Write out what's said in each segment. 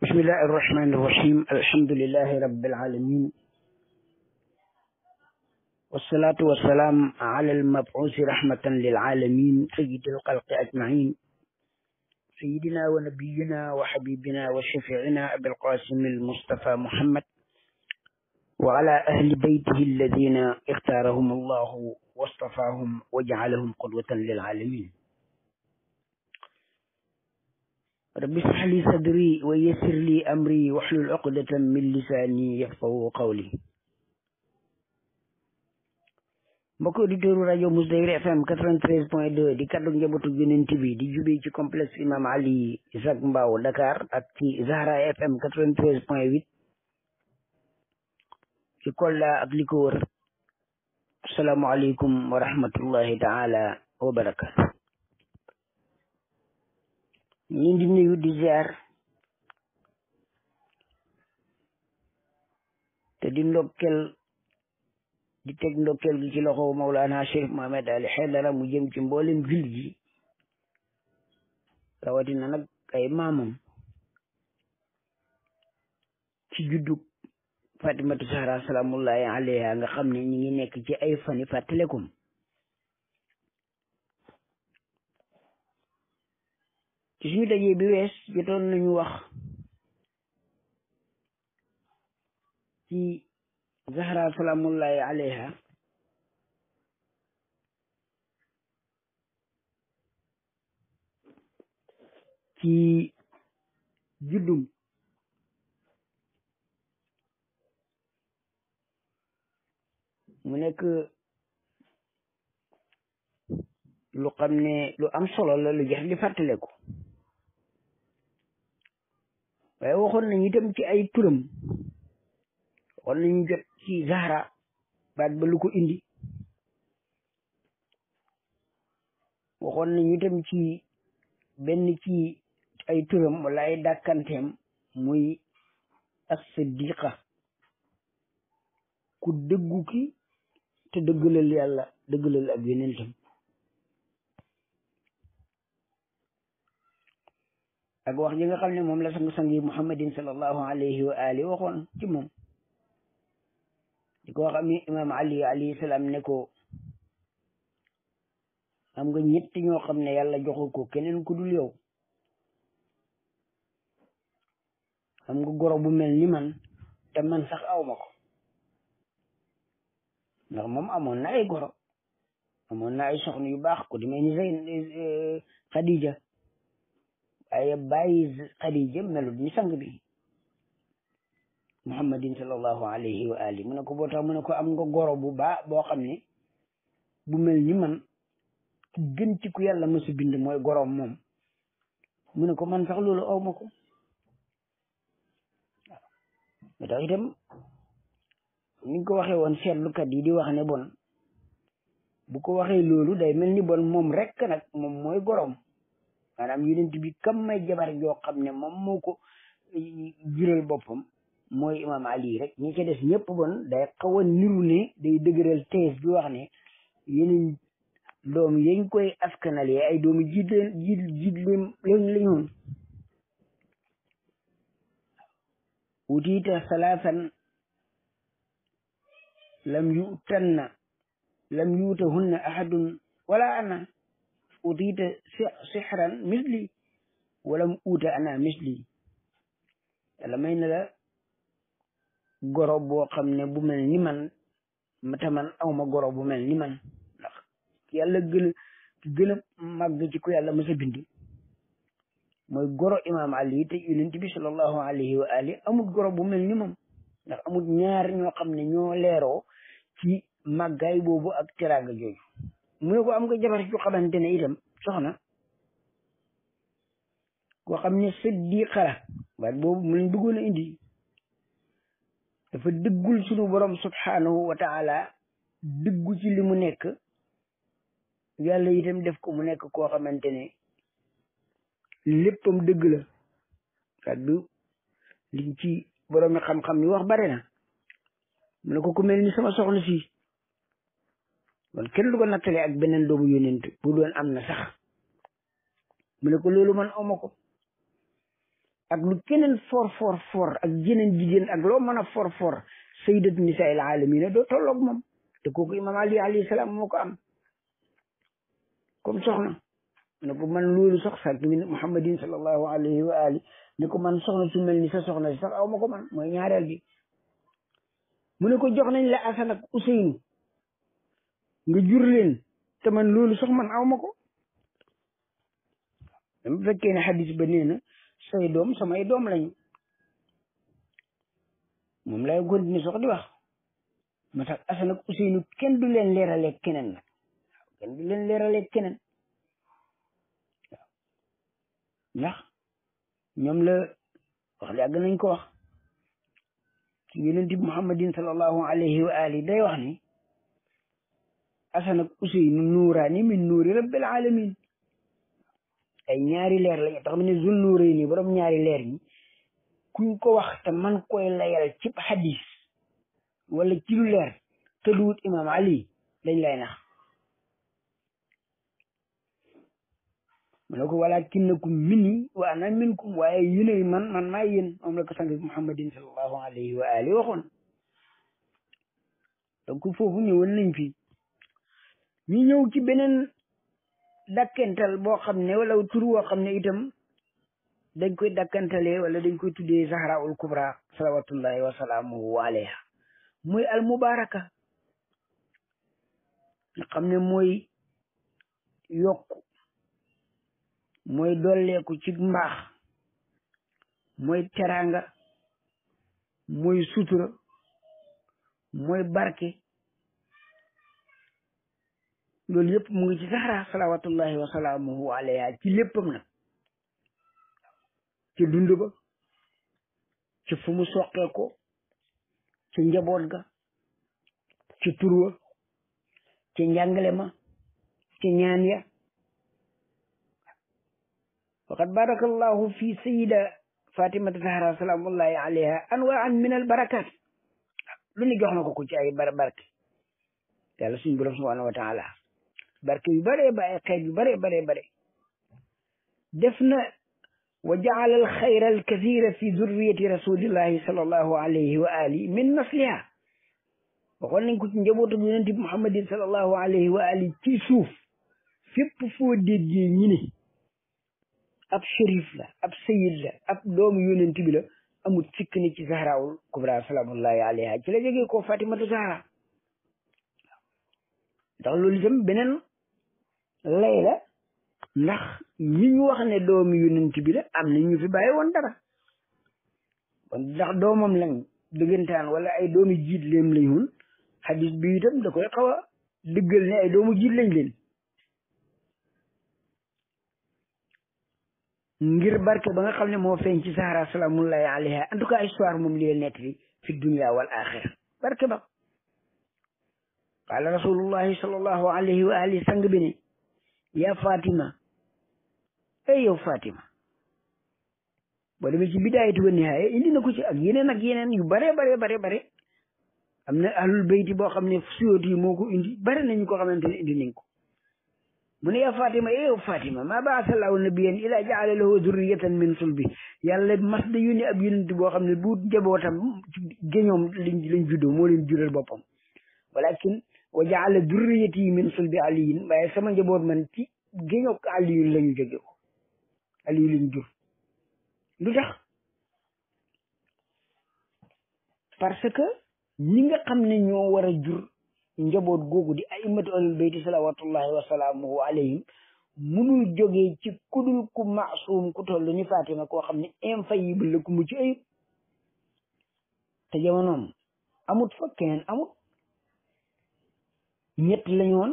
bismillahi arrahmani irrahim alhamdulilahi rabilalamin wasalaatu wasalaam ala almabuusi rahmatan lilaalamin sayidi alxalqi ajmain sayidina wa nabiyina wa xabibina wa shafiina abilqasim almustafa muhammad wa ala ahli beytihi alladina ixtaarahum allahu wastafaahum wa jacalahum qudwatan lilaalamin rabbi ishrah li sadri wa yassir li amri wahlul uqdatan min lisani yafqahu qawli mbokk auditeurs rajo Mousdayri FM 93.2 di kaddu njabootu yonent bi di jubee ci complexe imam Ali Zac Mbao Dakar ak ci Zahra FM 93.8 ci Kolda ak li ko wër asalaamaaleykum wa rahmatullahi taala wa barakaatu ñu ngi di di ziar te di ndokkel di teg gi ci loxo Mawlana Cheikh Mohamed Ali Haydara mu jëm ci mboolem gi ji rawatina nag ay maamam ci juddug Fatimatu Zahra salaamullahi alayha nga xam ne ñi ngi nekk ci ay fani fàttalekum ci suñu dajee bi wees jotoon nañu wax ci Zahra salaamullahi alayha ci juddum mu nekk lu xam ne lu am solo la lu jeex di fàttaleku waaye waxoon nañu itam ci ay turam waxoon nañu jot ci Zahra baat ba lu ko indi waxoon nañu itam ci benn ci ay turam wala ay muy as-siddiqa ku dëggu ki te dëggalal yàlla dëggalal ak yeneen tam ak wax ji nga xam ne moom la sang-sang yi muhammadin sallallahu alayhi wa ali am imaam ali alayhi salaam ne ko am nga ñett ñoo xam ne yàlla joxu ko keneen ku dul yow am nga goro bu mel ni man man sax awma ko ndax moom amoon na ay goro amoon na ay soxna yu baax ko di mel waaye bàyyi Xadija melut ni sang bi muhammadin sallallahu alayhi wa ali mu ne ko boo tax mu ne ko am nga goro bu baa boo xam ne bu mel ni man ku gën ci ku yàlla mësu bind mooy goroom moom mu ne ko man sax loolu aw ma ko waaw tax itam ni ko waxee woon seetlukat yi di wax ne bon bu ko waxee loolu day mel ni bon moom rekk nag moom mooy goroom maanaam yonent bi kam may jabar yoo xam ne moom moo ko eh, boppam mooy imaam Ali rek ñi ca des ñëpp bon day xaw a niru ne day dëgëral tees bi wax ne yeneen doom yañ koy askanalee ay doomu jiit jiit jiit lañ lañoon utiita salaasan lam yutanna lam yuutahunna ahadun wala ana أضيد سحرا مثلي ولم أوت أنا مثلي yàlla may na goro boo xam ne bu mel ni man mata man awma goro bu mel ni man ndax yàlla gën a gën ci ku yàlla mës a goro imaam ali te yonent bi sallallahu alayhi wa ali amul goro bu mel ni moom ndax amul ñaar ñoo xam ne ñoo leeroo ci màggaay boobu ak teraanga jooju mu ne ko am nga jabar ju xamante ne itam soxna koo xam ne siddiqa la baat boobu mu lañ bëggoon a indi dafa dëggul sunu borom subhanahu wa taala dëggu ci li mu nekk yàlla itam def ko mu nekk koo xamante ne léppam dëgg la kàddu liñ ci borom xam-xam yi wax bare na mu ne ko ku mel ni sama soxna si kon kenn du ko nattale ak beneen doomu yonent bu doon am na sax mu ne ko loolu man awma ko ak lu keneen for for for ak jeneen jigéen ak loo man a for for sayyidat nisaa'il aalamiina doo tolloog moom te kooku imam ali alayhi salaam moo ko am comme soxna ne ko man loolu sax sax min muhammadin sallallahu alayhi wa ne ko man soxna su mel ni sa soxna si sax aw ma ko man mooy ñaareel bi mu ne ko jox la Asan Useynu nga jur leen te man loolu sax man aw ma ko dama fekkee ba nee na say doom samay doom lañu moom laay continuer sox di wax ma tax Assane ak Ousseynou kenn du leen leeraleeg keneen nag kenn du leen leeraleeg keneen waaw ndax ñoom la wax yàgg nañ ko wax ci yonent bi Muhammadin sallallahu alayhi wa ali day wax ni Assane ak Ousseynou nuuraani min nuuri rabbil alamin ay ñaari leer lañu tax mu ne zul nuuree nii borom ñaari leer yi kuñ ko wax te man koy layal cib hadis wala ci lu leer te duut imam Ali dañ lay nax mu ne ko walaakinnakum minni wa ana minkum waaye yéenay man man maa yéen moom la ko sang Muhammadin sallallahu alayhi wa alihi waxoon donc foofu ñëwoon nañ fi mi ñëw ki beneen dakkantal boo xam ne wala tur woo xam ne itam dañ koy dakkantalee wala dañ koy tuddee zahra ul kubra salawatullahi wa salaamuhu alayha muy al mubaraka nga xam ne mooy yokk mooy dolleeku ci mbaax mooy teraanga muy sutura mooy barke loolu yëpp mu ngi ci Zahra salawatullahi wa salaamuhu alayha ci léppam nag ci dund ba ci fu mu ci njaboot ga ci turwa ci njàngale ma ci ñaan ya waqad barakallahu fi sayida fatimata Zahra salaamullahi alayha anwaan min al barakat lu ne jox ko ko ci ay barbarke yàlla suñu borom subhanahu wa taala barke yu bare ba ay xeet yu bare bare bare def na wa jaala al xayra al kathira fi zurriyati rasulillahi sallallahu alayhi wa ali min nasliha waxoon nañ ko ci njabootu yonente bi muhammadin sallallahu alayhi wa ali ci suuf fépp foo déggee ñi ne ab shérif la ab sayid la ab doomu yonente bi la amul sikk ni ci zahraawul kubra salaamullahi alayha ci la jógee koo fatimatu zahra ndax loolu itam beneen lay la ndax ñi ñu wax ne doomu yonent bi la am na ñu fi bàyyi woon dara kon ndax doomam lañ dëggantaan wala ay doomu jiit leem lañ woon xadis bi itam da koy xaw a ne ay doomu jiit lañ leen ngir barke ba nga xam ne moo feeñ ci Sahara salaamullahi alayha en tout cas histoire moom li nekk fi fi dunia wal axira barke ba qaala rasulullahi sallallahu alayhi wa alihi sang bi ne yaa Fatima ay yow Fatima boo demee ci bidaayatu wa nihaaya eh, ci ak yeneen ak yeneen yu bare bare bare bare am na ahlul bayti boo xam ne suyóoti yi moo ko indi bare nañu ko xamante ne indi nañ ko mu ne yaa Fatima eh yow Fatima maa baasallahu nabiyan ila jaala lahu zurriyatan min sulbi yàlla mas da yónni ab yonent boo xam ne bu njabootam ci géñoom lañ lañ juddoo moo leen jural boppam walakin wa jaala durriyati min sulbi aliyin waaye sama njaboot man ci géñok aliyu lañu jóge ko aliyu jur lu tax parce que ñi nga xam ne ñoo war jur njaboot googu di aimatu ahlul beyti salawatullahi wasalaamuhu alayhim munul jógee ci kudul ku maasum ku toll ni Fatima koo xam ne infaillible la ku mucc ayib te jamonoom amut fa amut ñett lañu woon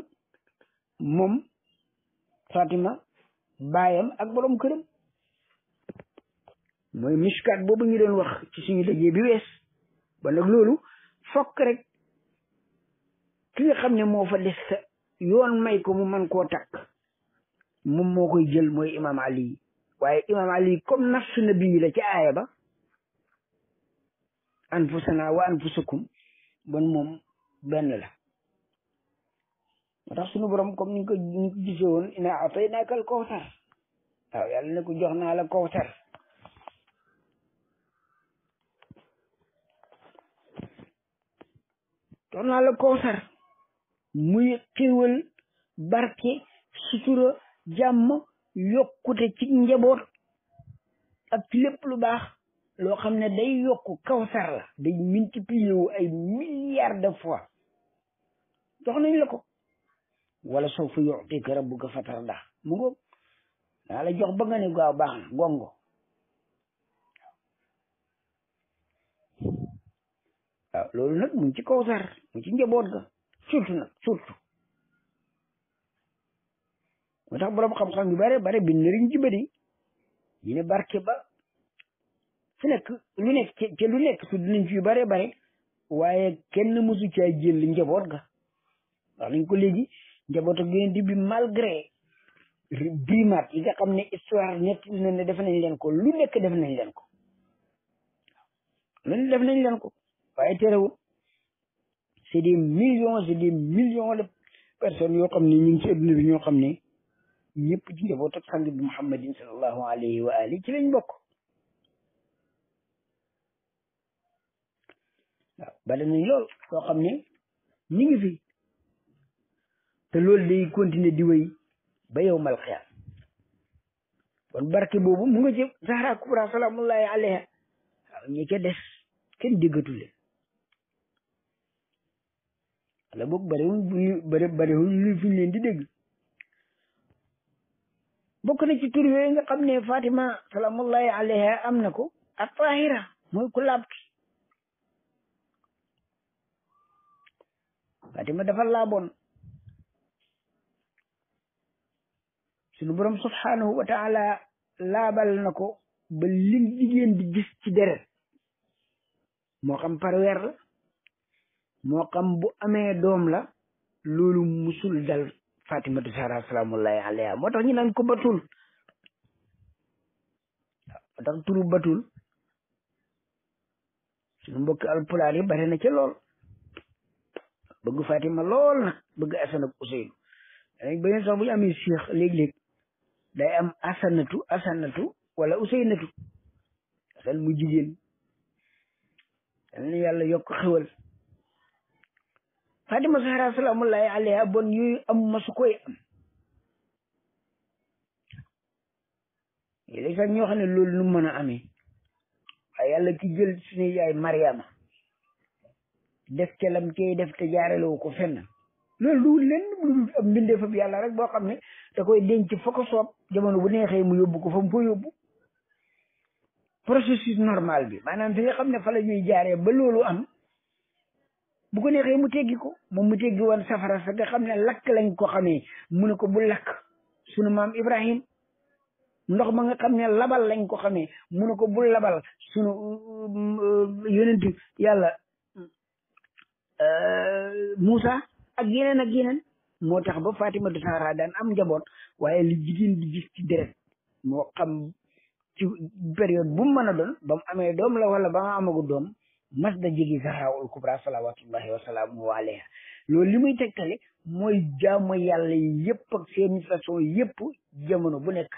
moom Fatima baayam ak borom këram mooy miskaat boobu ñu doon wax ci suñu dajee bi wees ba nag loolu fokk rek ki xam ne moo fa des sa yoon may ko mu man koo takk moom moo koy jël mooy imaam Ali waaye imaam kom comme nafsu nabi la ci aaya ba anfusana wa anfusakum bon moom benn la moo tax suñu borom comme ni ko ni ko gisee woon ina ataynaakal ah kawsar waaw yàlla ne ko jox naa la kawsar jox la kawsar muy xéwal barke sutura jàmm yokkute ci njaboot ak ci lu baax loo xam ne day yokku kawsar la day multiplier wu ay milliards de fois jox nañ la ko wala so fa yutika rabbuka fatarda mu ngoog daa la jox ba nga ne gaaw baax na gongo loolu nag mu ngi ci kawsar mu ci njaboot ga surtout nag surtout moo tax borom xam-xam yu bare bare bind nañ ci bëri ñu ne barke ba fu nekk lu lu nekk su dinañ ci yu bare bare waaye kenn mësu caa jël njaboot ga wax nañ ko léegi njabootu yonent bi malgré primates yi nga xam ne histoire ñett na ne def nañ leen ko lu nekk def nañ leen ko lu ne def nañ leen ko waaye terewul c'est des millions c'est des millions de personnes yoo xam ne ñun ci adduna bi ñoo xam ne ñëpp ci njabootu sang bi muhammadin sallallahu alayhi wa ali ci lañ bokk bari nañ lool koo xam ne ñu ngi fi te loolu day continuer di wéy ba yow mal xeer kon barke boobu mu nga jëm Zahra Kubra salaamullahi alayha waaw ñi ca des kenn déggatu leen wala boog bariwuñ bari fi leen di dégg bokk na ci tur yooyu nga xam ne Fatima salaamullahi alayha am na ko ak Tahira mooy ku laab ki Fatima dafa laaboon suñu borom subhaanahu wa taala laabal na ko ba lim jigéen di gis ci deret moo xam par weer la moo xam bu amee doom la loolu musul dal fatimatu sara salaamullahi alayha moo tax ñu naan ko batul moo tax turu batul suñu mbokki alpulaar yi bare na ca lool bëgg fatima lool nag bëgg asan ak useynu danañ sax bu ñu amee séex léeg day am asanatu asanatu wala useynatu asan mu jigéen danañ yàlla yokk xewal Fatima Zahra salaamullahi alayha bon yooyu am masu koy am léegi sax ñoo xam ne loolu nu mën a amee waaye yàlla ki jël suñu yaay Mariama def ca lam kay def te jaarelewu ko fenn loolu du lenn lu dul ab yàlla rek boo xam ne da koy denc fa ko soob jamono bu neexee mu yóbbu ko fa mu ko yóbbu processus normal bi maanaam fi nga xam ne fa la ñuy jaaree ba loolu am bu ko neexee mu teggi ko moom mu teggi woon safara sa xam ne lakk lañ ko xamee mu ne ko bu lakk sunu maam Ibrahim ndox ma nga xam ne labal lañ ko xamee mu ne ko bu labal sunu uh, uh, uh, yonent yàlla Moussa ak yeneen a yeneen moo tax ba Fatimatu Zahra daan am njaboot waaye li jigéen di ci deret moo xam période bu mu mën a doon ba amee doom la wala ba nga amagu doom mas da jegi Zahraul Kubra salawatullahi wa salaamu alayha loolu li muy tegtale mooy jaamu yàlla yëpp ak seen façon yëpp jamono bu nekk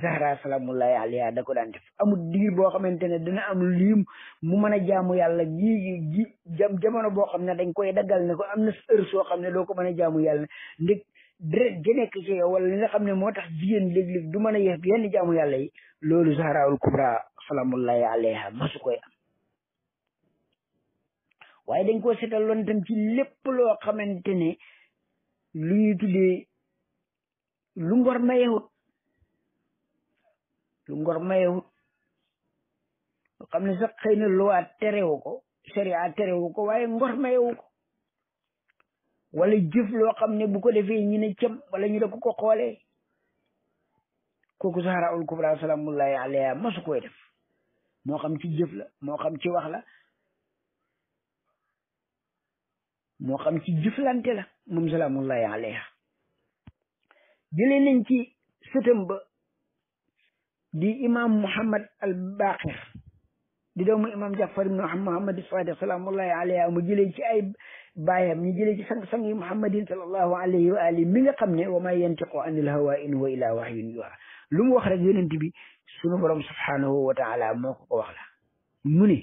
Zahra salaamullahi alayha da ko daan def amul diir boo xamante ne dina am lim mu mën a jaamu yàlla ji ji jam jamono boo xam ne dañ koy daggal ne ko am na heure soo xam ne doo ko mën a jaamu yàlla ndeg deret gi nekk ci wala li nga xam ne moo tax jigéen léeg-léeg du mën a yeex di jaamu yàlla yi loolu Zahraul Kubra salaamullahi alayha masu koy am waaye dañ ko seetaloon tam ci lépp loo xamante ne lu ñuy tuddee lu ngor mayewut lu ngor mayewut lu xam ne sa xëy na luwaa terewu ko sharia terewu ko waaye ngor mayewu ko wala jëf loo xam ne bu ko defee ñi ne cëm wala ñu da ko ko xoolee kooku sahara ul kubra salaamullahi alayha koy def moo xam ci jëf la moo xam ci wax la moo xam ci jëflante la moom salaamullahi alayha jëlee nañ ci sëtam di imam Muhammad al Baqir di doomu imam Jafar ibn Muhammad Sadiq salaamullahi alayhi mu jëlee ci ay baayam ñu jëlee ci sang-sang yi Muhammadin sallallahu alayhi wa alihi mi nga xam ne wa ma yantiqu anil hawa in huwa illa wahyun yuha lu mu wax rek yonent bi sunu borom subhanahu wa taala moo ko ko wax la mu ne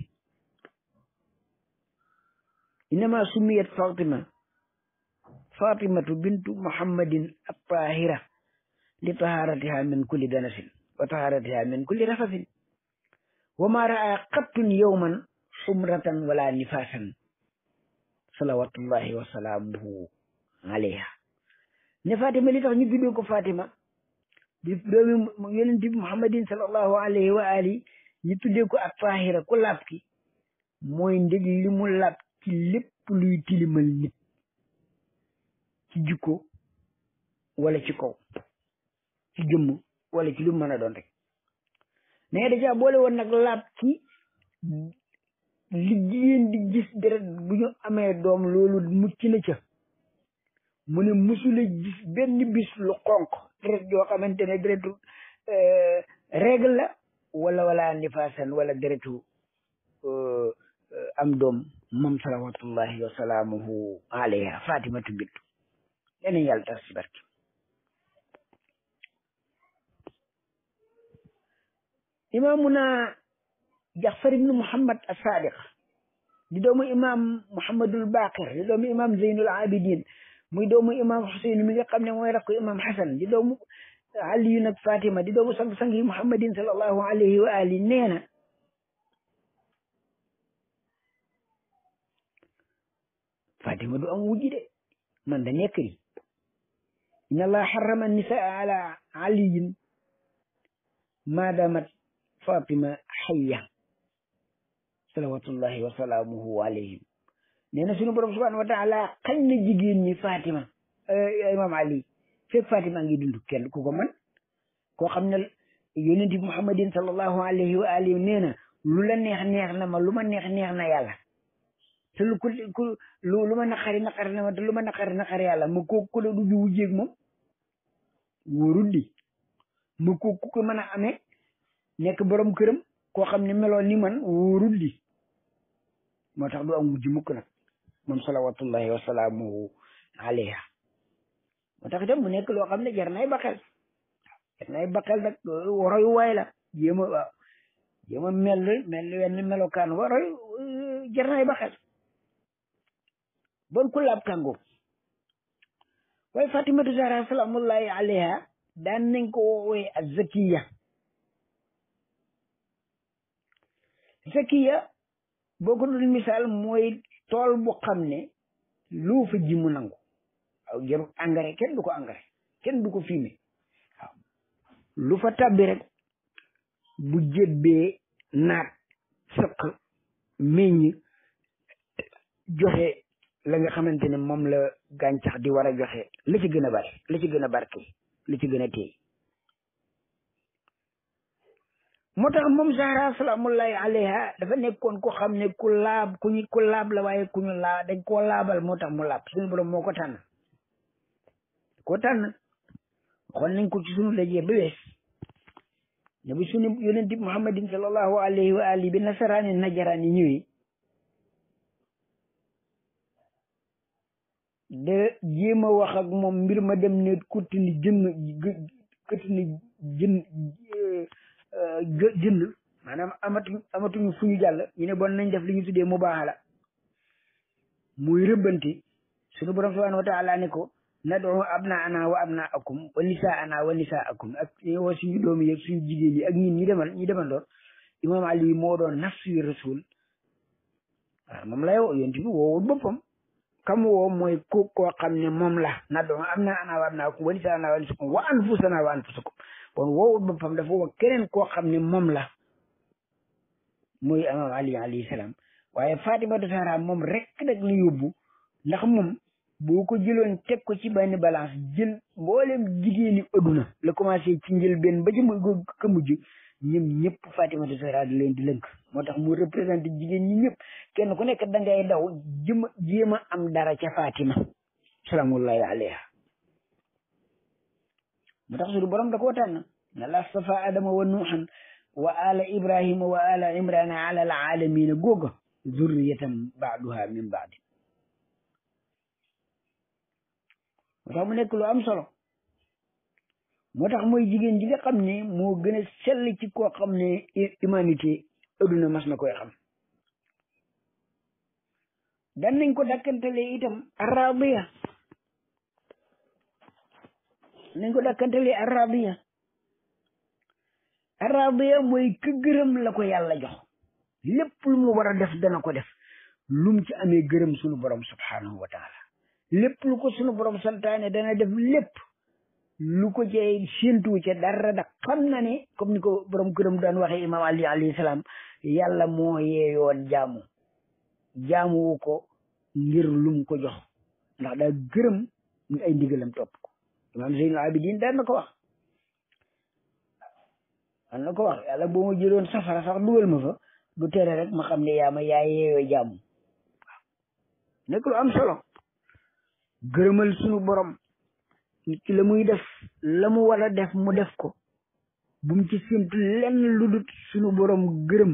innama summiyat fatima fatimatu bintu muhammadin at tahira li taharatiha min kulli danasin wa taharatiha min kulli rafasin wa ma raa qattun yowman xumratan wala nifasan salawatullahi wa salaamuhu alayha ne fatima li tax ñu bindoo fatima di muhammadin sallallahu alayhi wa ali ñu tuddee ko ak ku laab ki mooy li mu laab lépp luy tilimal nit ci jikko wala ci kaw ci jëmm wala ci lu mën a doon rek mais da caa boole woon nag laab ci li jigéen di gis deret bu ñu amee doom loolu mucc ca mu ne musula gis benn bis lu xonq deret joo xamante ne deretu euh, règle la wala wala nifaasan wala deretu euh, am doom moom salawatullahi wa salaamuhu alayha fatimatu bintu yenen yàlla tas ci imaamuna jaxfar ibnu muhammad asadiq di doomu imaam muhammadul baqir di doomu imaam zeynul abidin muy doomu imaam xuseyn mi nga xam ne mooy rakku imaam xasan di doomu aliyu nag fatima di doomu sang-sang yi muhammadin sallallahu alayhi wa ali nee na fatima du am wujji de man da nekk ni inna allah harrama nisaa ala aliyin maadamat fatima xayya salawatullahi wa salaamuhu alayhim nee na sunu borom subhanahu wa taala xañ na jigéen ñi fatima eh, imam ali fekk fatima ngi dund kenn ku ko man koo xam ne yonent bi muhammadin sallallahu alayhi wa alihi nee na lu la neex neex na ma lu ma neex neex na yàlla te lu ku lu lu ma naqari naqari na ma te lu ma naqari naqari yàlla ma kooku ko la du ji wujjeeg moom wóorul di ma kooku ko mën a amee nekk borom këram koo xam ne melo ni man wóorul moo tax du am mujj mukk nag moom salawatullahi wasalaamuhu alayha moo tax itam mu nekk loo xam ne jar nay baxel jar nay baxel nag royu waay a waaw jéem a mel mel wenn melokaan wa roy jar nay baxel bon ku laab kàngoo waaye fatimatu zahra salaamullahi alayha daan nañ ko woowee azzakiya zakiya boo ko doon misaal mooy tool bu xam ne lu fa ji mu nangu aw jarul engrais kenn du ko engrais kenn du ko fumier lu fa tabbi rek bu jébbee naat sëq meññ joxe la nga xamante ne moom la gàncax di war a joxe la ci gën a bari la ci gën a barke la ci gën a téy moo tax moom Zahra salaamullahi alayha dafa nekkoon ko xam ne ku laab ku ñu ku laab la waaye ku ñu laa dañ koo laabal moo tax mu laab suñu borom moo ko tànn ko tànn xool nañ ko ci suñu dajee ba wees ne bu suñu yonent bi Muhammadin sallallahu alayhi wa bi nasaraani najaraani ñëwee da jéem a wax ak moom mbir ma dem ne kutti ni jëmm kutti jënd maanaam amatuñ amatuñ fu ñu jàll ñu ne bon nañ def li ñu tuddee mu baaxala muy rëbbanti suñu borom subhanahu wa taala ne ko nad'u abnaana wa abnaakum wa nisaana wa nisaakum ak woo suñu doom yi ak suñu jigéen yi ak ñun ñu demal ñu demandoon imam ali moo doon nafsi rasul waaw moom lay woo yonent bi woowul boppam kam woo mooy ku koo xam ne moom la nad'u abnaana wa abnaakum wa nisaana wa nisaakum wa anfusana wa anfusakum kon woowut boppam dafa woo keneen koo xam ne moom la muy imaam Ali alayhi salaam waaye Fatimatu Zahra moom rek nag la yóbbu ndax moom boo ko jëloon teg ko ci benn balance jël mboolem jigéeni adduna la commencé ci njëlbeen ba ci ka muj ñoom ñëpp Fatimatu Zahra di leen di lënk moo tax mu représenté jigéen ñi ñëpp kenn ku nekk da ngay daw jëm jéem a am dara ca Fatima salaamullahi alayha mu tax suñu borom da koo tànn ne la safa adama wa nuuxan wa ala ibrahima wa ala imrana ala alalamina googa zurriyatan baaduha min baadi moo tax mu nekk lu am solo moo tax mooy jigéen ji nga xam ne moo gën a sell ci koo xam ne humanité adduna mas na koy xam dan nañ ko dàkkantale itam arabiya nañ ko dakkantalee arabiya arabiya mooy ki gërëm la ko yàlla jox lépp lu mu war a def dana ko def lum ci amee gërëm sunu borom subhanahu wa taala lépp lu ko sunu borom santaane dana def lépp lu ko cee séntu ca dara da xam na ne comme ni ko borom gërëm daan waxee imam ali alayhi salaam yàlla moo yeeyoon jaamu jaamuwu ko ngir lum ko jox ndax daa gërëm nga ay ndigalam topp imaam Zeynul Abidin daan na ko wax daan na ko wax yàlla boo ma jëloon safara sax dugal ma fa du tere rek ma xam ne yaa ma yaa yeeyoo jàmm nekk lu am solo gërëmal sunu borom nit ki la muy def la mu war a def mu def ko bum ci séntu lenn lu dut sunu borom gërëm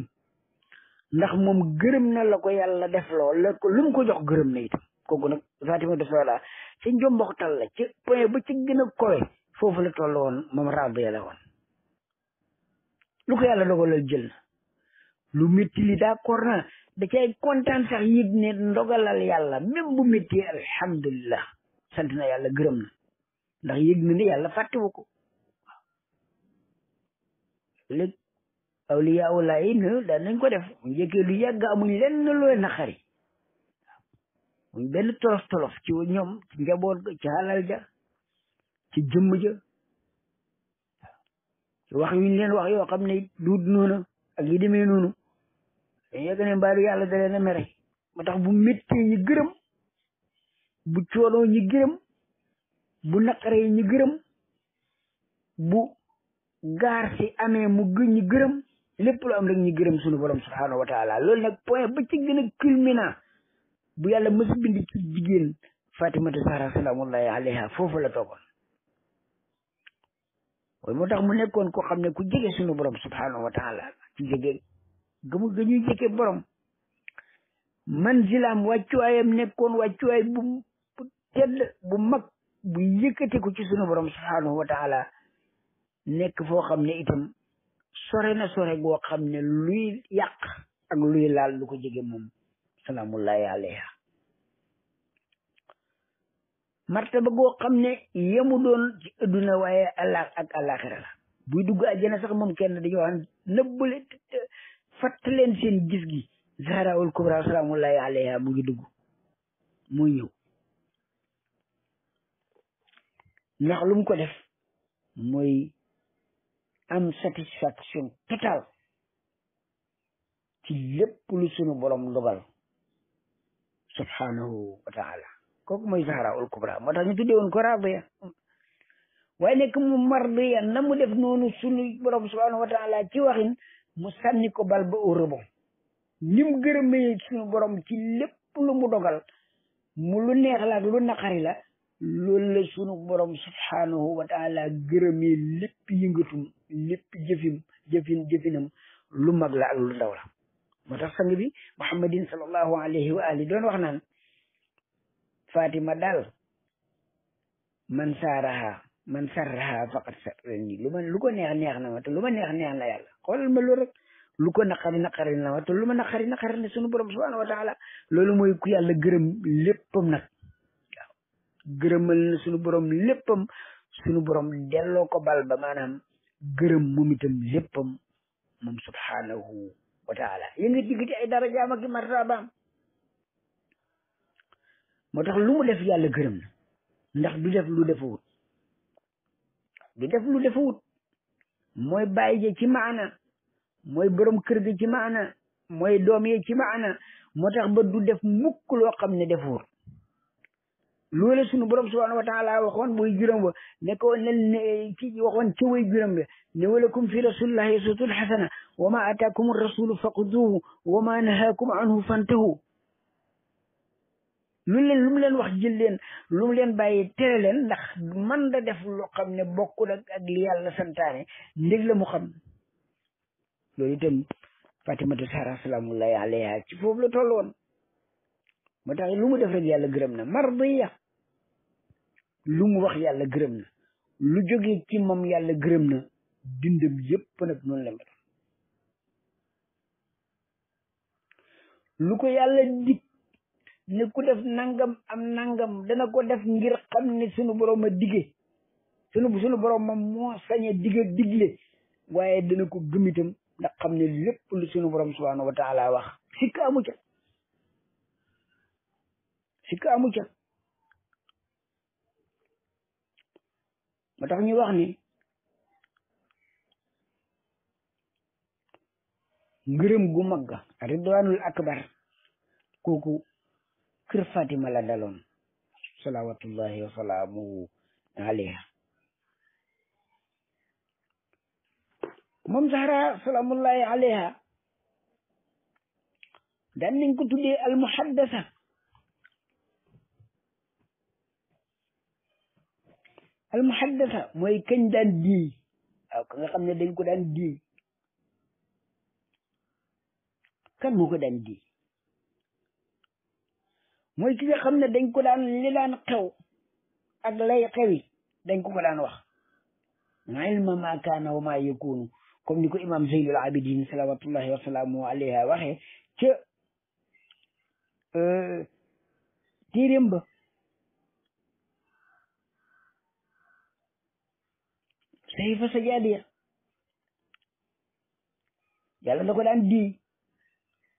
ndax moom gërëm na la ko yàlla def loo la ko lu mu ko jox gërëm na itam kooku nag Fatima de Sola ci njomboxtal la ci point ba ci gën a kowe foofu la toll woon moom Rabia la woon lu ko yàlla dogalal jël na lu métti li d'accord na da cay kontaan sax yëg ne yàlla même bu métti alhamdulilah sant na yàlla gërëm na ndax yëg na ne yàlla fàttewu ko léegi awliyaa yi ne daan nañ ko def njëkkee lu yàgg amuñ lenn looy naqari benn tolof tolof ci ñoom ci njaboot ga ci alal ja ci jëmm ja ci wax yuñ leen wax yoo xam ne duut noonu ak yi demee noonu dañ yegg ne mbaaru yàlla da leen a mere ba tax bu méttee ñi gërëm bu coonoo ñi gërëm bu naqaree ñi gërëm bu gaar si amee mu gën ñi gërëm lépp lu am rek ñi gërëm sunu borom subhaanahu wa taala point ba ci gën a bu yàlla mës bind ci jigéen fatimatu zahra salaamullahi alayha foofu la toogoon waaye moo tax mu nekkoon koo xam ne ku jege suñu borom subhanahu wa taala ci jege gëmu gëñuy jege borom manzilaam wàccuwaayam nekkoon wàccuwaay bu tedd bu mag bu yëkkati ko ci sunu borom subhanahu wa nekk foo xam ne itam sore na sore goo xam ne luy yàq ak luy laal lu ko jege moom salaamullahi alayha martaba goo xam ne yemu doon ci waaye allah ak alaxira la buy dugg àjjana sax moom kenn dañuy wax nëbbale fattaleen seen gis gi zahraul kubra salaamullahi alayha mu ngi dugg muy ñëw ndax lu ko def mooy am satisfaction totale ci lépp lu sunu borom dogal subhanahu wa taala kooku mooy Zahraul Kubra moo tax ñu tuddee woon ko Rabiya waaye nekk mu mardiya na mu def noonu sunu borom subhanahu wa ci waxin mu sànni ko bal ba au rebond gërëmee sunu borom ci lépp lu mu dogal mu lu neex la ak lu naqari la loolu la sunu borom subhanahu wa gërëmee lépp yëngatum lépp jëfim jëfin lu mag la lu ndaw la moo tax sang bi muhammadin sallallahu alayhi wa ali doon wax naan fatima daal man saaraha man sarraha faqat sarrani lu ma lu ko neex neex na ma lu ma neex neex na yàlla xoolal ma loolu rek lu ko naqari naqari na ma lu ma naqari naqari na sunu borom subhanahu wa loolu mooy ku yàlla gërëm léppam nag waaw gërëmal na sunu borom léppam sunu borom delloo ko bal ba maanaam gërëm wa taala yëngat yëngati ay darajaam ak i martabaam moo tax lu mu def yàlla gërëm na ndax du def lu defawut du def lu defawut mooy bàyyi ji ci maana mooy borom kër gi ci maana mooy doom yi ci maana moo tax ba du def mukk loo xam ne defawut loola sunu borom subhanahu wa taala waxoon muy juróom ba ne ko ne waxoon ci way juróom ba ne walakum fi rasulillahi uswatun xasana wa ma ataakum rasulu faquduhu wa ma nahaakum anhu fantahu lu leen lu mu leen wax jël leen lu mu leen bàyyi tere leen ndax man da def loo xam ne bokkul ak ak li yàlla santaane ndég la mu xam loolu la tolloon moo tax lu mu def rek yàlla gërëm na mardiya lu mu wax yàlla gërëm na lu jógee ci moom yàlla gërëm na dindam yépp nag noonu la lu ko yàlla dig ne ku def nangam am nangam dana ko def ngir xam ne sunu borom a digee sunu sunu moo sañ a digle waaye dana ko gëm itam ndax xam ne lépp lu sunu borom subhaanahu wa wax sikka amu ca sikka moo tax ñu wax ni ngërëm gu mag ridwanul akbar kooku kër Fatima la daloon salawatullahi wa salaamuhu alayha moom Zahra salaamullahi alayha daan nañ ko tuddee al muhaddasa al muhaddasa mooy kañ daan diiñ waaw ka nga xam ne dañ ko daan diiñ kan moo ko daan diiñ mooy ki nga xam ne dañ ko daan li daan xew ak lay xewi dañ ko ko daan wax ilma ma kaana wa ma yakunu comme ni ko imam zeynul abidin salawatullahi wasalaamu alayha waxe ca euh, téeréem ba tey fa sa jaadiya yàlla da ko daan di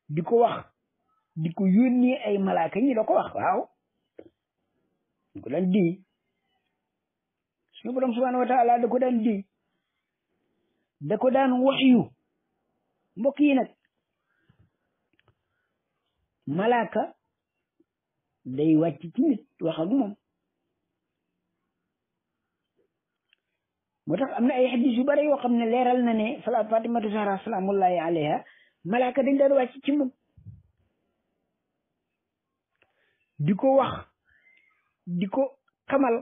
di ko wax di ko yónnee ay malaaka ñi da ko wax waaw di ko daan di suñu borom subhaanahu wa taala daan di da ko daan waxyu mbokk yi nag malaaka day wàcc ci wax ak moom moo tax am na ay xadis bare yoo xam ne leeral na ne fala Fatimatu Zahra salaamullahi alayha malaaka dañ daan wàcc ci moom di ko wax di ko xamal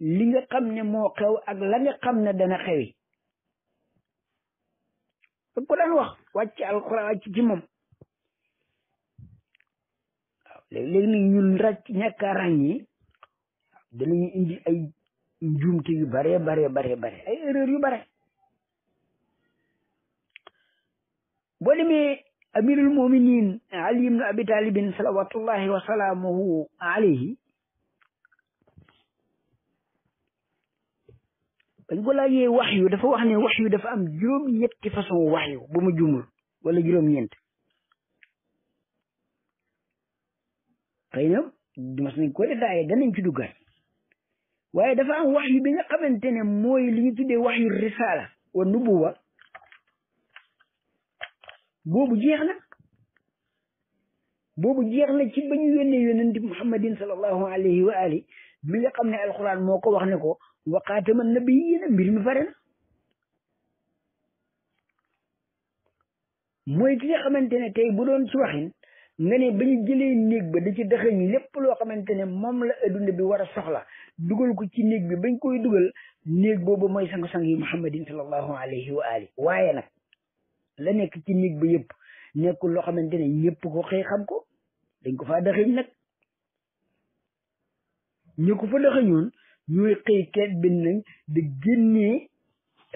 li nga xam ne moo xew ak la nga xam ne dana xewi dag ko daan wax wàcc alxuraan wàcc ci moom waaw léeg-léeg ñun ràcc ñàkk a njuumte yu bare bare bare bare ay yu bare boo demee amirul muminin ali ibnu abi talibin salawatullahi wa alayhi bañ ko laajee wax dafa wax ne dafa am juróom-ñetti façon wax yu bu ma jumul wala juróom-ñeent xëy na mas nañ ko détaillé danañ ci duggaat waaye dafa am wax bi nga xamante ne mooy li ñu tuddee wax yu risaala wa nubuwa boobu jeex na boobu jeex na ci ba ñu yónnee yónnenti muhammadin sallallahu alayhi wa ali mi nga xam ne alquran moo ko wax ne ko wa xaatama na mbir mi pare na mooy ki nga xamante ne tey bu doon ci waxin nga ne ba ñu jëlee néeg ba da ci dëxëñ lépp loo xamante ne moom la adduna bi war a soxla dugal ko ci néeg bi bañ koy dugal néeg boobu mooy sangu-sang yi muhammadin sallallahu alayhi wa ali waaye nag la nekk ci néeg ba yëpp nekkul loo xamante ne ñëpp ko xëy xam ko dañ ko faa daxëñ nag ñu ko fa daxëñoon ñooy xëy kenn benn nañ da génnee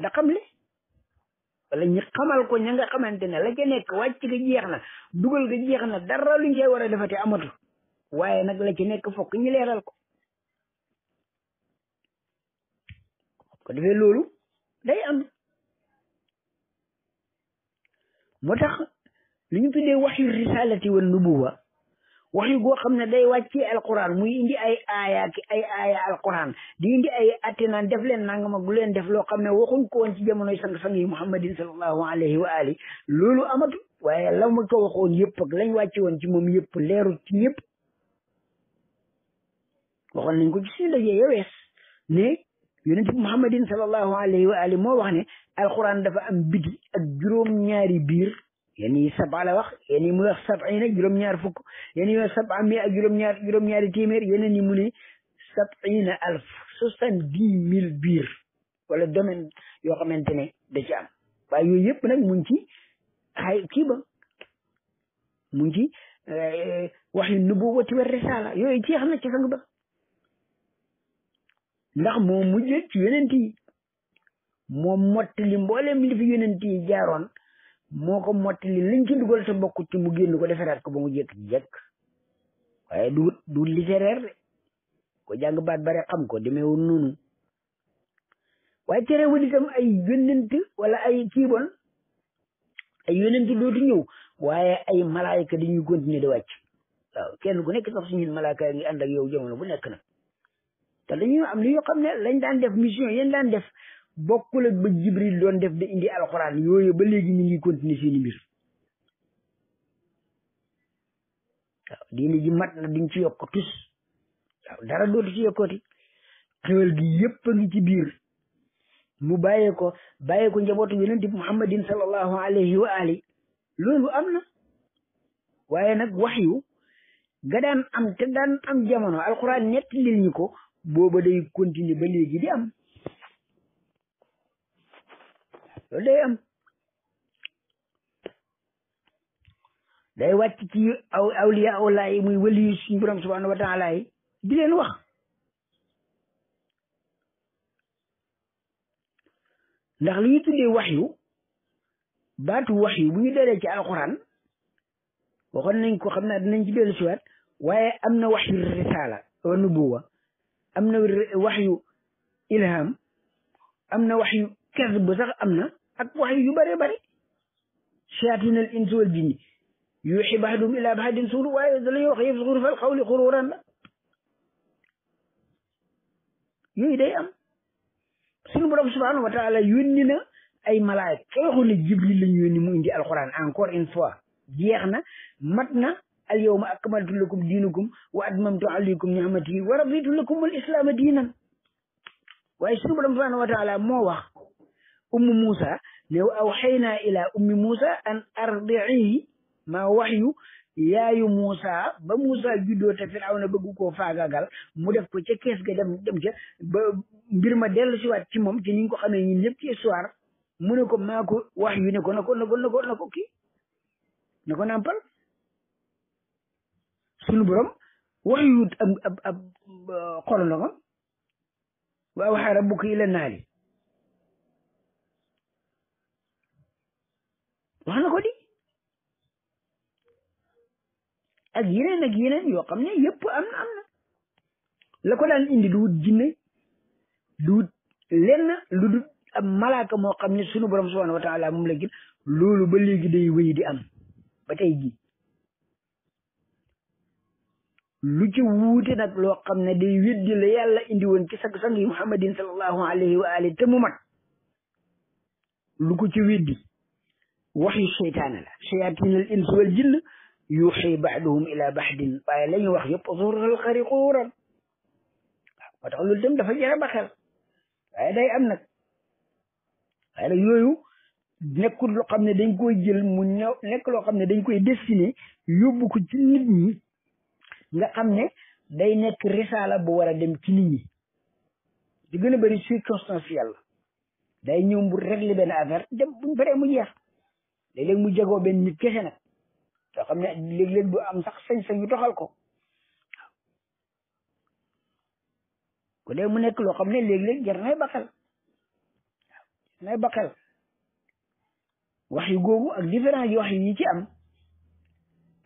da xam le wala ñu xamal ko ña nga xamante ne la ca nekk wàcc ga jeex na dugal ga jeex na dara luñ cay war a defate amatu waaye nag la nekk fokk ñu leeral ko ko loolu day am moo tax li ñu tuddee waxyu risalati wan nubuwa waxyu goo xam ne day wàccee alquran muy indi ay aaya ki ay aaya di indi ay atte def leen nangam ak du leen def loo xam ne waxuñ ko woon ci jamonoy sang-sang yi muhammadin sallallahu loolu amatu waaye la ma ko waxoon yëpp ak lañ wàcce woon ci moom yëpp leerul ci ñëpp waxoon nañ ko ci suñu dajee yewees ne yonent bi muhammadin sallallahu alayhi wa ali moo wax ne alquran dafa am biti ak juróom-ñaari biir yéen yi saba la wax yéen yi mu wax saba yi nag juróom-ñaar fukk yéen yi wax saba mi ak juróom-ñaar juróom-ñaari téeméer yeneen yi mu ne sabina alf soixante-dix mille biir wala domaine yoo xamante ne da ci am waaye yooyu yëpp nag mu ngi ci xay kii ba mu ngi ci eh, waxi nubuwati wa risala yooyu jeex na ci sang ba ndax moo mujj ci yonent yi moo mottali mboolem li fi yonent yi jaaroon moo ko mottali liñ ci dugal sa ci mu génn ko deferaat ko ba mu jekk ci jekk waaye du du littéraire de ko jàng baat bare xam ko demeewul noonu waaye terewul itam ay yonent wala ay kiibon ay yonent dootu ñëw waaye ay malaayka dañuy continuer di wàcc waaw kenn ku nekk sax suñu malaaka ngi ànd yow jamono bu nekk nag te dañuy am li yoo xam ne lañ daan def mission yéen daan def bokkul ak ba Jibril doon def da indi alxuraan yooyu ba léegi ñu ngi continuer seeni mbir waaw ji mat na duñ ci yokk tus waaw dara dootu ci yokkooti xewal gi yëpp a ci biir mu bàyyee ko bàyyee ko njabootu yonent bi muhammadin sallallahu alayhi wa ali loolu am na waaye nag wax yu ga daan am te daan am jamono alxuraan ñett lil ñu ko booba day continuer ba léegi di am loolu day am day wàcc ci aw awliya awlaa muy wëli suñu borom subhanahu wa taala di leen wax ndax lu ñu tuddee wax yu baatu wax yu bu ñu dalee ci alxuraan waxoon nañ ko xam naa dinañ ci dellu siwaat waaye am na wax yu risaala wa nubuwa am na waxyu ilham am na waxyu kasb ba sax am na ak waxyu yu bëree bëri shayatinal insi wal jinni yuuxi baxdum ila baxdin suulu waaye da la ñuy wax yëf xur fal xawli xuruuran la yooyu day am suñu borom subhanahu wa yu yónni na ay malaayka waxu ne jibril la ñu yónni mu indi alquran encore une fois jeex na mat na al yawma akmaltu lakum diinukum wa atmamtu alaykum ni'mati wa raditu lakum al islaama diinan waaye suñu borom subhanahu wa taala moo wax ummu Moussa ne awxaynaa ila ummi Moussa an ardii maa waxyu yaayu Moussa ba Moussa juddoo te Firawna bëgg koo faagagal mu def ko ca ga dem dem ca mbir ma dellu siwaat ci moom ci niñ ko xamee ñun ñëpp histoire mu ne ko maa ko wax yu ne ko na ko na ko na ko na ko kii na suñu borom waxyut ab ab ab euh, xolondongam wa awxaa rabbuka ila naari wax na ko di yoo xam ne yëpp am na am na la indi du wut jinne du wut lenn lu du ab malaaka moo xam ne sunu borom subhanahu wa taala moom ba léegi day wéy di am ba jii lu ci wuute nag loo xam ne day weddi la yàlla indi woon ci sang-sang yi muhammadin sallallahu alayhi wa alihi te mu ci weddi waxi seytaane la shayatin al ins wal jinn yuxi baaduhum ila baadin waaye la ñuy wax yëpp zuural xari xuuran waaw moo tax dafa jara ba xel waaye day am nag waaye nag yooyu nekkul loo ne dañ koy mu nekk loo xam ne dañ koy destiné yóbbu ko ci nit ñi nga xam ne day nekk risaala bu war a dem ci nit ñi di gën a bari circonstanciel la day ñëw bu régler benn affaire dem buñ paree mu jeex léeg-léeg mu jegoo benn nit kese nag soo xam ne léeg-léeg bu am sax sañ-sañ yu doxal ko waaw dee mu nekk loo xam ne léeg-léeg jar nay bakkal waaw wax yu googu ak différence yi wax yi ci am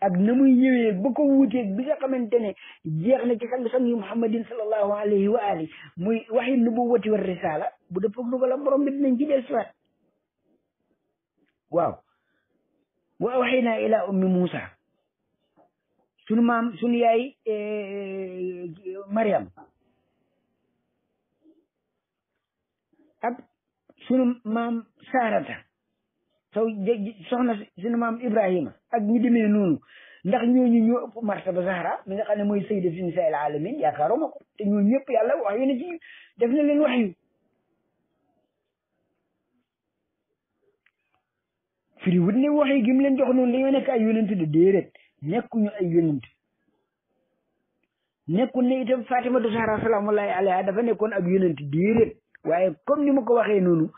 ak na muy ñëwee ba ko bi nga ne jeex na ci sang-sang yu muhammadin sallallahu alayhi wa ali muy waxi nubuwati risala bu dëppog dugala borom bi dinañ ci del siwaat waaw wa awxayna ila ummi Muusa sunu maam sunu yaay eh, Mariam ak sun maam Saarata saw soxna sunu maam Ibrahima ak ñi demee noonu ndax ñooñu ñoo ëpp martaba Zahra mi nga xam ne mooy sayyidat nisaa'il aalamiin yaakaaruma ko te ñoo ñëpp yàlla wax yu ne ci def na leen wax yu firi ne wax yi gi mu leen jox noonu dañoo nekk ay yonent de déedéet nekkuñu ay yonent nekkul ne itam Fatima de Zahra salaamullahi alayha dafa nekkoon ak yonent déedéet waaye comme ni ma ko waxee noonu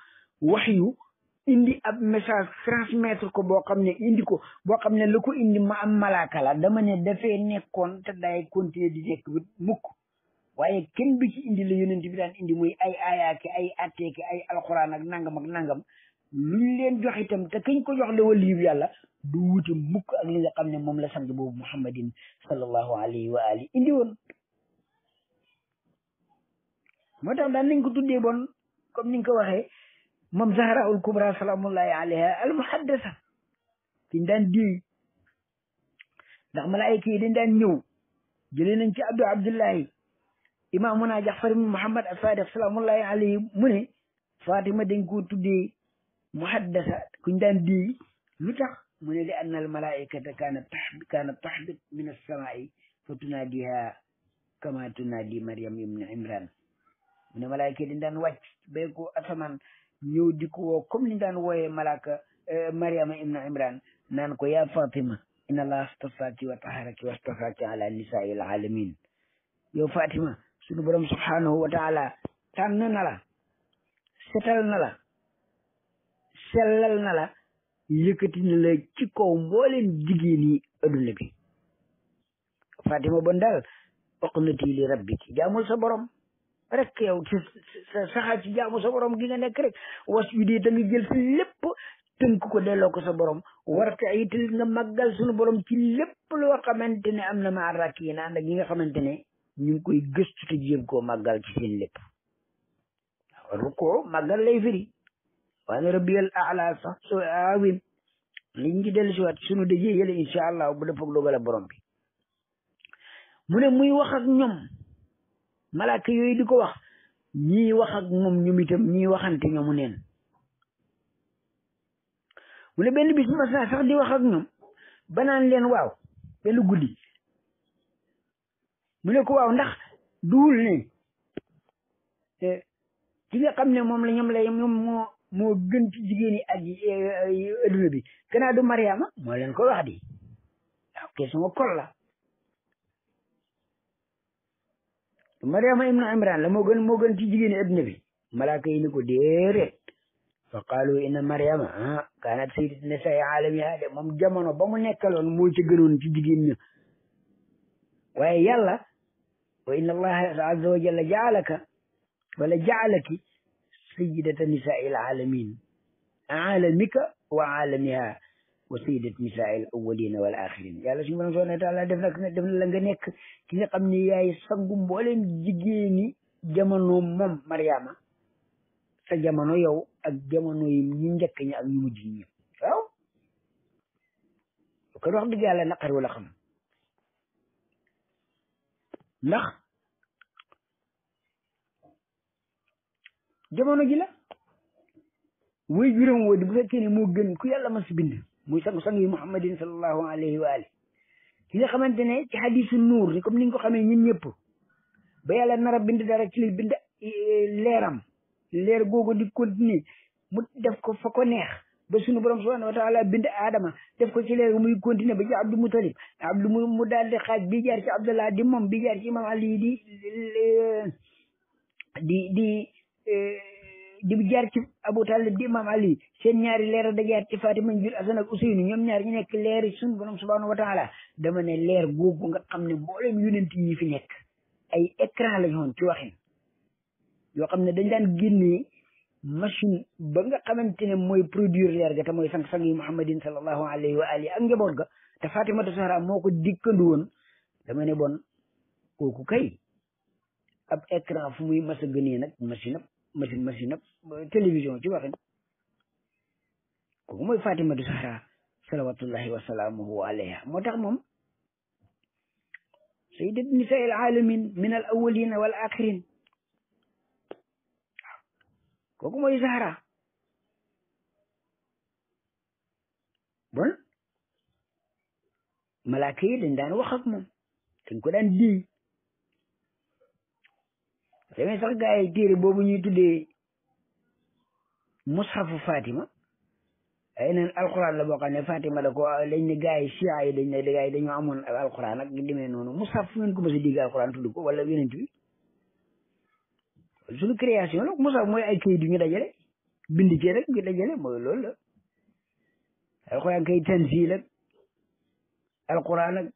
wax yu indi ab message transmettre ko boo xam ne indi ko boo xam ne la ko indi ma am malaaka la dama ne dafee nekkoon te day continuer di nekk bi waaye kenn bi indi la yonent bi daan indi muy ay aayaaki ay atteeki ay alxuraan ak nangam ak nangam luñ leen jox te kañ ko jox la wala yiw yàlla du wuute mukk ak li xam ne moom la sang boobu muhammadin sallallahu alayhi wa ali indi woon moo tax daan nañ ko tuddee bon comme ni nga ko waxee moom zahraul kubra salaamullahi alayha al muhaddasa kiñ daan diw ndax malaayika yi dañ daan ñëw jëlee nañ ci abdou abdullahi imaamuna jaxfar ibn muhammad asadiq salaamullahi alayhi mu ne fatima dañ ko tuddee muhaddasa kuñ daan diw lu tax mu ne li anna al malaikata kaanat taxbit kaanat taxbit min alsamaai fa tunaadiha kama tunaadi mariam ibn imran mu ne malaayika yi dañ daan wàcc bay ko asamaan ñëw di ko woo comme daan wooyee malaaka eh, mariama ibnu imran naan ko yaa fatima inna allah stafaki wa taharaki wa stafaki ala nisaai l alamin yow fatima sunu borom subhanahu wa taala tànn na setal na sellal na la yëkkati na la ci kaw mbooleen bi fatima bon daal oqnati jaamul sa borom rek yow ci sa saxaar ci jaamu sa borom gi nga nekk rek was yu dee da nga jël sa lépp tënk ko delloo ko sa borom warta it nga màggal borom ci lépp loo xamante ne am na ma rakk yi naan ak yi nga xamante ne ñu ngi koy gëstu te jéem koo màggal ci seen lépp ruko màggal lay firi waane rabbiyal aala sax so awim liñ ci dellu siwaat suñu dëjee yële incha allah bu dëppog dogala borom bi mu ne muy wax ak ñoom malaaka yooyu di ko wax ñii wax ak moom ñoom itam ñii waxante ñoomu neen mu ne benn bis mas naa sax di wax ak ñoom banaan leen waaw benn guddi mu ne ko waaw ndax duwul ki nga xam ne moom la lay ñoom moo moo gën ci jigéen yi ak eh, eh, adduna bi gannaaw du Mariama moo leen ko wax di waaw question kol la Mariama ibnu Imran la moo gën moo gën ci jigéeni adduna bi malaaka yi ni ko déedéet fa qaalu inna Mariama ah kaanat sayyidatu nisaa'i aalamihaa de moom jamono ba mu nekkaloon moo ci gënoon ci jigéen ñi waaye yàlla wa inna allaha azza wa jalla jaalaka wala jaalaki sayyidata nisaa'il aalamiin aalamika wa aalamihaa wa sayyidat nisaa'il awwalina wal axirin yàlla suñu borom subhanahu wa def nag def na la nekk ki nga xam ne yaay sangu mbooleem jigéeni jamono moom Mariama sa jamono yow ak jamono yi ñu njëkk ñi ak ñu mujj ñi ñëpp waaw kon wala xam ndax jamono ji la way juróom bu fekkee ne ku yàlla mas bind muy sang-sang yi muhammadin sallallahu alayhi wa ali ki nga xamante ne ci xadisu nuur ni comme niñ ko xamee ñun ñëpp ba yàlla nar a bind dara ci li bind leeram leer googu di continuer mu def ko fa ko neex ba sunu borom subhanahu wa taala bind aadama def ko ci leer muy continuer ba ci abdou mutalib abdou mu mu daal di xaaj bi jaar ci abdallah di moom bi jaar ci imam ali di di di eh, di jaar ci Abu Talib di Imam Ali seen ñaari leer da jaar ci Fatima jur Asan ak Useynu ñoom ñaar ñu nekk leeri sun borom subhanahu wa taala dama ne leer googu nga xam ne mboolem yonent yi fi nekk ay écran la ñoon ci waxin yoo xam ne dañ daan génnee machine ba nga xamante ne mooy produire leer ga te mooy sang-sang yi Muhammadin sallallahu alayhi wa alihi ak njaboot ga te Fatimatu Zahra moo ko dikkandu woon dama ne bon kooku kay ab écran fu muy mas a gënee nag machine ab machine machine ab télévision ci waxin kooku mooy Fatima du Zahra salawatullahi wa salaamuhu alayha moo tax moom sayyidat nisaa al alamin min al awwalina wal axirin kooku mooy Zahra bon malaaka yi dañ daan wax ak moom dañ ko daan déy demee sax gaa yi téere boobu ñuy tuddee mushafu Fatima ay neen alquran la boo xam ne Fatima da ko lañ ne gaa yi siyaa yi dañ ne gaa yi dañoo amoon alquran ak demee noonu mushaf fu ngeen ko mos a dégg alquran tudd ko wala yeneen bi suñu création la mushaf mooy ay kayit yu ñu dajale bind ci rek ñu dajale mooy loolu la alquran tanzil ak alquran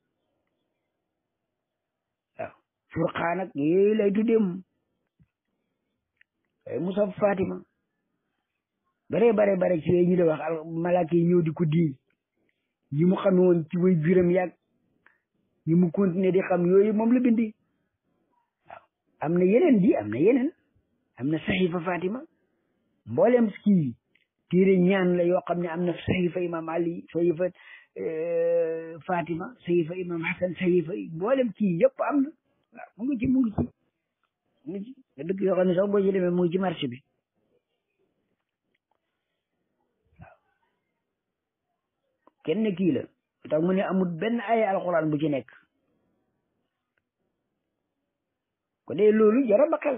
ak waaw ak yooyu lay tuddee Eh, Moussa Fatima bare bare bare ci yooyu ñu doon wax malaaka yi ñëw di ko di yi mu xame woon ci way juram yàgg yi mu continuer di xam yooyu moom la bindi waaw am na yeneen di am na yeneen am na saxifa Fatima mboolem kii téere ñaan la yoo xam ne am na saxifa imam Ali saxifa eh, Fatima saxifa imam Hassan saxifa mboolem kii yëpp am na waaw mu ngi ci mu ngi ci mujj nga dëkk ne sax boo ci demee muy ci bi waaw kenn kii la tax mu ne amul benn ay alxuraan bu ci nekk ko dee loolu jara bakal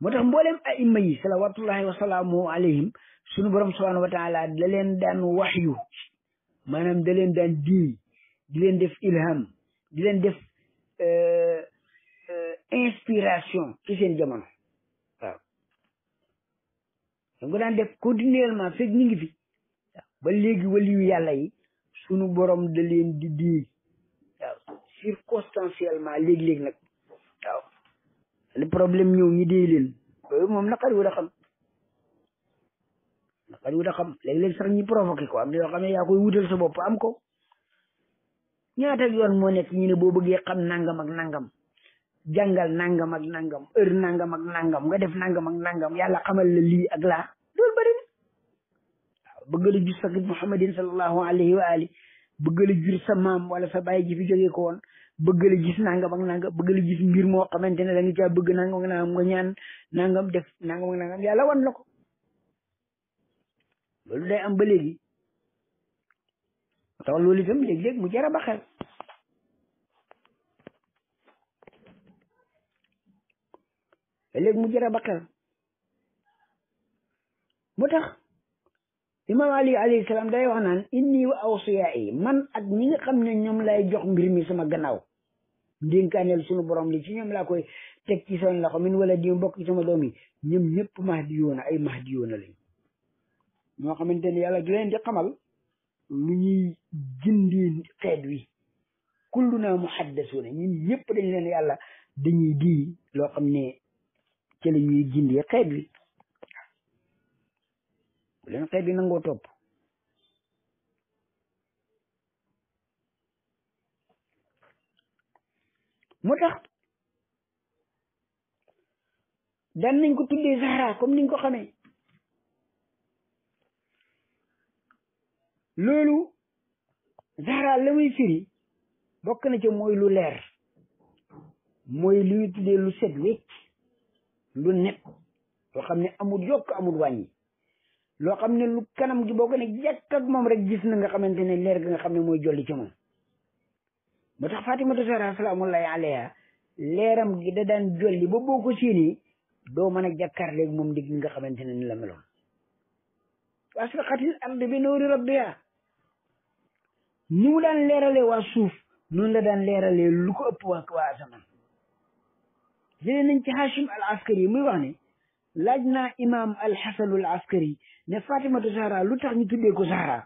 moo tax mboolem aima yi salawatullahi wasalaamu alayhim sunu borom subhanahu wa taala da leen daan waxyu maanaam da daan di di def ilham di def eh, inspiration ci seen jamono waaw nga daan def continuellement fekk ñu ngi fi ba léegi waliyu yàlla yi sunu borom da leen di di waaw circonstanciellement léegi-léegi nag waaw le problème ñëw ñi dee leen loolu moom naqari wu da xam naqari wu da xam léegi-léegi sax ñi provoqué ko am na yoo xam ne yaa koy wutal sa bopp am ko ñaata yoon moo nekk ñu ne boo bëggee xam nangam ak nangam jàngal nangam ak nangam heure nangam ak nangam nga def nangam ak nangam yàlla xamal la lii ak laa loolu bëri na waaw bëgg sa muhammadin sallallahu alayhi wa ali bëgg la jur sa maam wala sa baay ji fi jógee ko woon bëgg la gis nangam ak nangam bëgg la gis mbir moo xamante ne da nga caa bëgg nangam ak nangam nga ñaan nangam def nangam ak nangam yàlla wan la ko loolu day am ba léegi tax loolu itam léeg mu jar a baxal léegi mu jëra ba xel moo tax imam ali alayhi salaam day wax naan inni wa awsiyaa yi man ak ñi nga xam ne ñoom lay jox mbir mi sama gannaaw dénkaaneel sunu borom li ci ñoom laa koy teg ci seen loxo min wala di bokk ci sama doom yi ñoom ñëpp mahdiyoona ay mahdiyoona lañ ñoo xamante ne yàlla du leen lu ñuy jëndee xeet wi kullu naa muhaddasuuna ñun ñëpp dañ yàlla di loo xam ne ci la ñuy gindee xeet wi bu leen xeet wi nangoo topp moo tax daan nañ ko tuddee Zahra comme niñ ko xamee loolu Zahra la muy firi bokk na ca mooy lu leer moy li tuddee lu set wecc lu nekk loo xam ne amul yokk amul wàññi loo xam ne lu kanam gi boo ko ne jàkk moom rek gis na nga xamante ne leer gi nga xam ne mooy jolli ci moom ma tax Fatimatu Zahra salaamullahi alayha leeram gi da daan jolli ba boo ko séenee doo mën a jàkkaar léegi moom ndig nga xamante ne ni la meloon asraqatil ard bi nuuri rabbiha ni mu daan leeralee waa suuf noonu la daan leeralee lu ko ëpp waa waa asamaan jëlee nañ ci al Askari muy wax ne laaj naa imaam al Xasan al Askari ne Fatimatu Zahra lu tax ñu tuddee ko Zahra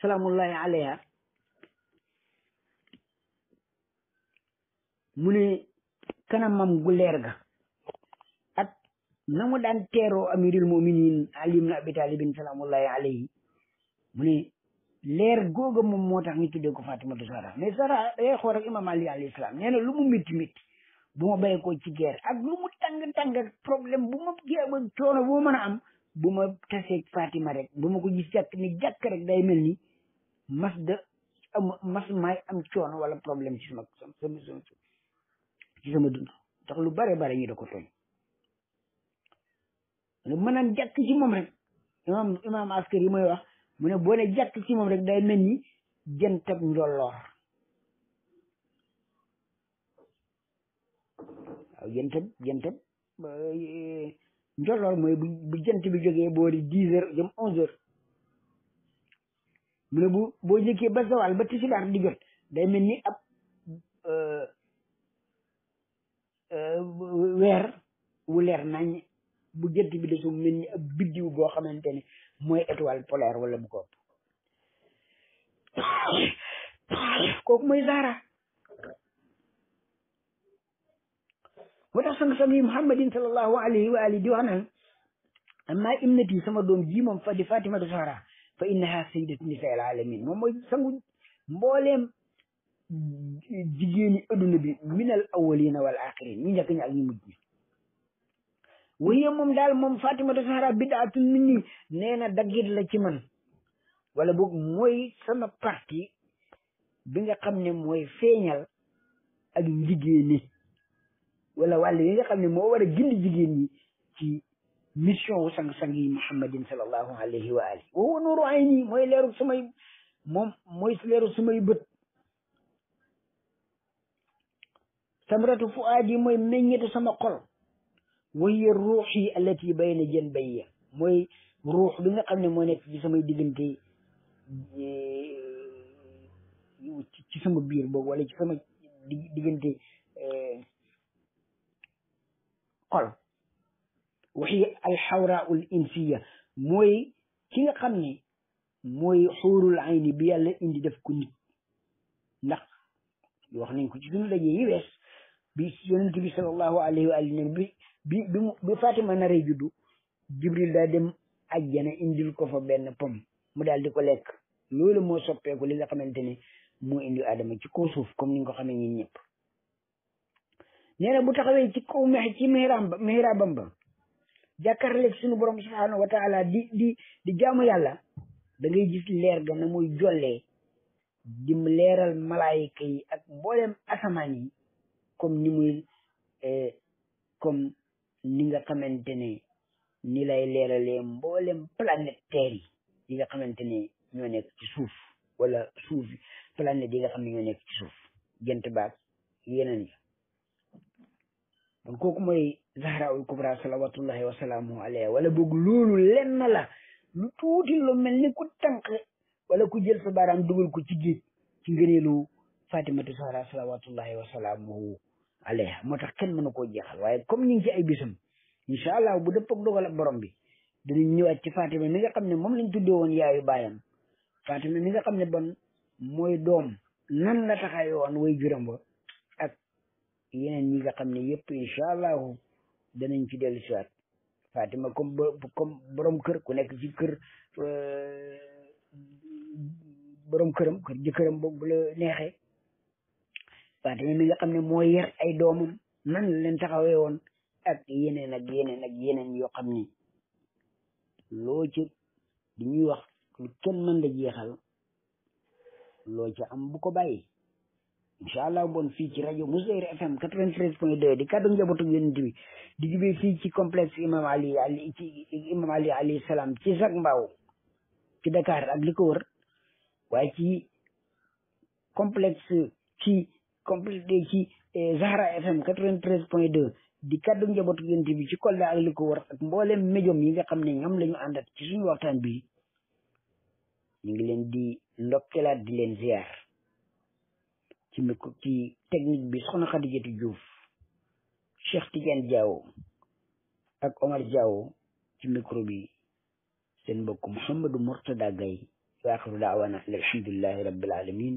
salaamullahi alayha mu ne kanamam ga ak na mu daan teeroo amiril muminin Ali ibn Abi Talibin salaamullahi alayhi mu leer googa moom moo tax ñu tuddee ko Fatimatu Zahra mais Zahra da ngay xool imam Ali alayhi salaam nee na lu mu mitti mitti bu ma bayee ko ci guerre ak lu mu tàng problème bu ma jéem a coono bu ma mën a am bu ma tasee Fatima rek bu ma ko gis jàkk ni jàkk rek day mel ni mas de am mas maay am coono wala problème ci sama sama ci dund tax lu bare bare ñu da ko tooñ lu mën a jàkk ci moom rek imam imam askar yi wax mu ne boo ne jàkk ci moom rek day mel ni jëntab njolloor waaw jëntab eh, njolloor mooy bu jant bi jógee boori dix heures jëm onze heures mu ne bu boo jëkkee ba sawal ba tisibaar di jot day mel ni ab eh, eh, weer wu leer nañ bu jant bi de su mel ni ab boo xamante ne mooy étoile polaire wala bu ko kooku mooy Zahra moo tax sang sang yi Muhammadin sallallahu alayhi wa alihi di wax naan amma imnati sama doom ji moom fa di Fatimatu Zahra fa innaha sayyidatu nisaa'il alamin moom mooy sangu mbooleem jigéeni adduna bi minal awwalina wal axirin ñu njëkk ñi ak ñu mujj wahiya moom daal moom Fatimatu Zahra bid'atun minni nee na daggit la ci man wala boog mooy sama parti bi nga xam ne mooy feeñal ak jigéen ñi wala wàll yi xam ne moo war a gindi jigéen ñi ci mission wu sang-sang yi muhammadin sallallahu alayhi wa alihi wa huwa nuuru ayni mooy leeru sumay moom mooy leeru sumay bët samratu fuaadi mooy meññetu sama xol wahiya ruux yi allati bayna jën bayya mooy ruux bi nga xam ne moo nekk ci samay diggante eh, ci sama biir boobu wala ci sama diggante eh, xol wahiya alxawraau l insiya mooy ki nga xam ne mooy xuurul ayni bi yàlla indi def ko nit ndax wax nañ ko ci suñu dajee yi wees bi yonent bi sallallahu alayhi wa alihi bi bi bi bi Fatima naree juddu Jibril daa dem ajjana indil ko fa benn pom mu daal di ko lekk loolu moo soppeeku li nga xamante ne mu indi Adama ci kaw suuf comme ni nga ko xamee ñun ñëpp nee na bu taxawee ci kaw mex ci mihraab mihraabam ba jàkkaarleeg suñu borom subhaanahu wa taala di di di jaamu yàlla da ngay gis leer ga na muy jollee dim leeral malaayika yi ak mboolem asamaan yi comme ni nga xamante ne ni lay leeralee mboolem planète terre yi nga xamante ne ñoo nekk ci suuf wala suuf planète yi nga xam ne ñoo nekk ci suuf gént baag yeneen yi kon kooku mooy zahraul kubra salawatullahi wasalaamuhu alayha wala boog loolu lenn la lu tuuti lu mel ni wala ku jël sa baaraam dugal ko ci géej ci ngëneelu fatimatu zahra salawatullahi wasalaamuhu alee moo tax kenn mënu koo jeexal waaye comme ñu ay bisam incha allah bu dëpp ak dogal ak borom bi dinañ ñëwaat ci Fatima mi nga xam ne moom lañ tudde woon yaayu baayam Fatima mi nga xam ne ban mooy doom nan la taxawee woon way juram ba ak yeneen yi nga xam ne yëpp incha allahu danañ ci dellu siwaat Fatima comme comme borom kër ku nekk ci kër euh, borom këram kër jëkkëram boog bu la neexee Fatima mi nga xam ne moo yar ay doomam nan la leen taxawee woon ak yeneen ak yeneen ak yoo xam ni loo ci di ñuy wax lu kenn mën la jeexal loo am bu ko bàyyi incha bon fii ci rajo Moussaïr FM 93.2 di kàddu njabootu yonent bi di jubee fii ci complexe imam Ali Ali ci imam Ali alayhi ci sax mbaaw ci Dakar ak li ko wër waaye ci complexe ci complété ci eh, Zahra FM 93 point 2 di kaddu njabootu yéen bi ci Kolda la li ko war ak mboolem médium yi nga xam ne ñoom la ñu àndat ci suñu waxtaan bi ñu ngi leen di ndokkelaat di leen ziar ci micro ci technique bi soxna Khadijatou Diouf Cheikh Tidiane Diawo ak Omar Diawo ci micro bi seen mbokk Mouhamadou Mourtada Gaye waaxiru daawaana alhamdulillahi rabbil alamin